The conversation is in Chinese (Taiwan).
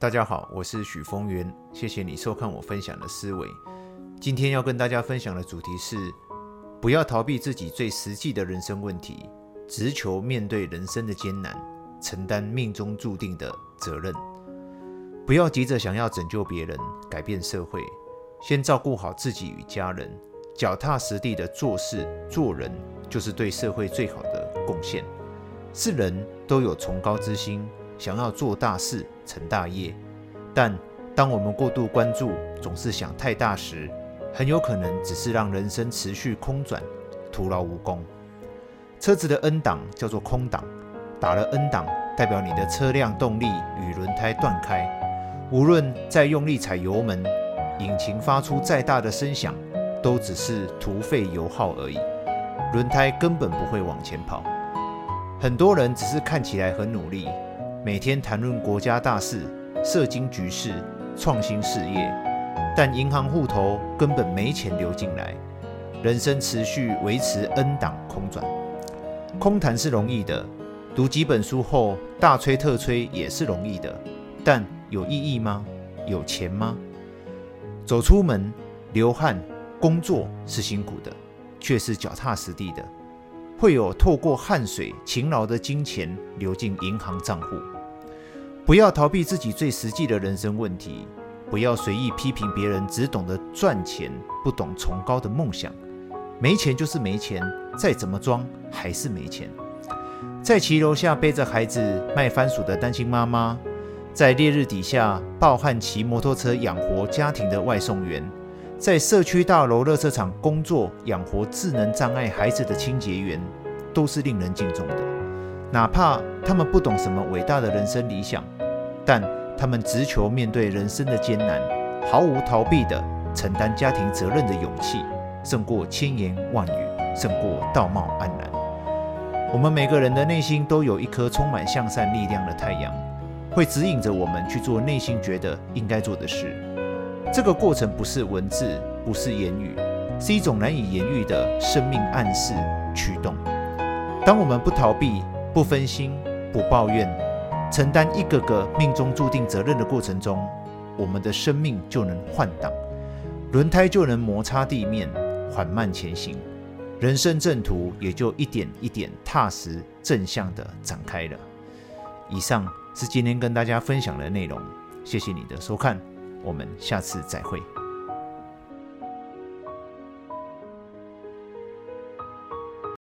大家好，我是許峰源，謝謝你收看我分享的思維。今天要跟大家分享的主題是：不要逃避自己最實際的人生問題，直球面對人生的艱難，承擔命中注定的責任。不要急着想要拯救別人、改變社會，先照顧好自己與家人，腳踏實地的做事做人，就是對社會最好的貢獻。是人都有崇高之心。想要做大事成大業，但當我們過度關注，總是想太大時，很有可能只是讓人生持續空轉，徒勞無功。車子的 N 檔叫做空檔，打了 N 檔，代表你的車輛動力與輪胎斷開，無論再用力踩油門，引擎發出再大的聲響，都只是徒費油耗而已，輪胎根本不會往前跑。很多人只是看起來很努力。每天談論國家大事、社經局勢、創新事業，但銀行戶頭根本沒錢流進來，人生持續維持 N 檔空轉。空談是容易的，讀幾本書後大吹特吹也是容易的，但有意義嗎？有錢嗎？走出門流汗工作是辛苦的，卻是腳踏實地的。會有透過汗水勤勞的金錢流進銀行賬戶。不要逃避自己最實際的人生問題，不要隨意批評別人只懂得賺錢，不懂崇高的夢想。沒錢就是沒錢，再怎麼裝還是沒錢。在騎樓下背着孩子賣番薯的單親媽媽，在烈日底下暴汗騎，騎摩托車養活家庭的外送員。在社區大樓、垃圾場工作養活智能障礙孩子的清潔員，都是令人敬重的。哪怕他們不懂什麼偉大的人生理想，但他們直球面對人生的艱難，毫無逃避的承擔家庭責任的勇氣，勝過千言萬語，勝過道貌岸然。我們每個人的內心都有一顆充滿向善力量的太陽，會指引着我們去做內心覺得應該做的事。這個過程不是文字，不是言語，是一種難以言喻的生命暗示驅動。當我們不逃避、不分心、不抱怨，承擔一個個命中注定責任的過程中，我們的生命就能換擋，輪胎就能摩擦地面，緩慢前行，人生正途也就一點一點踏實正向的展開了。以上是今天跟大家分享的內容，謝謝你的收看。我們下次再會。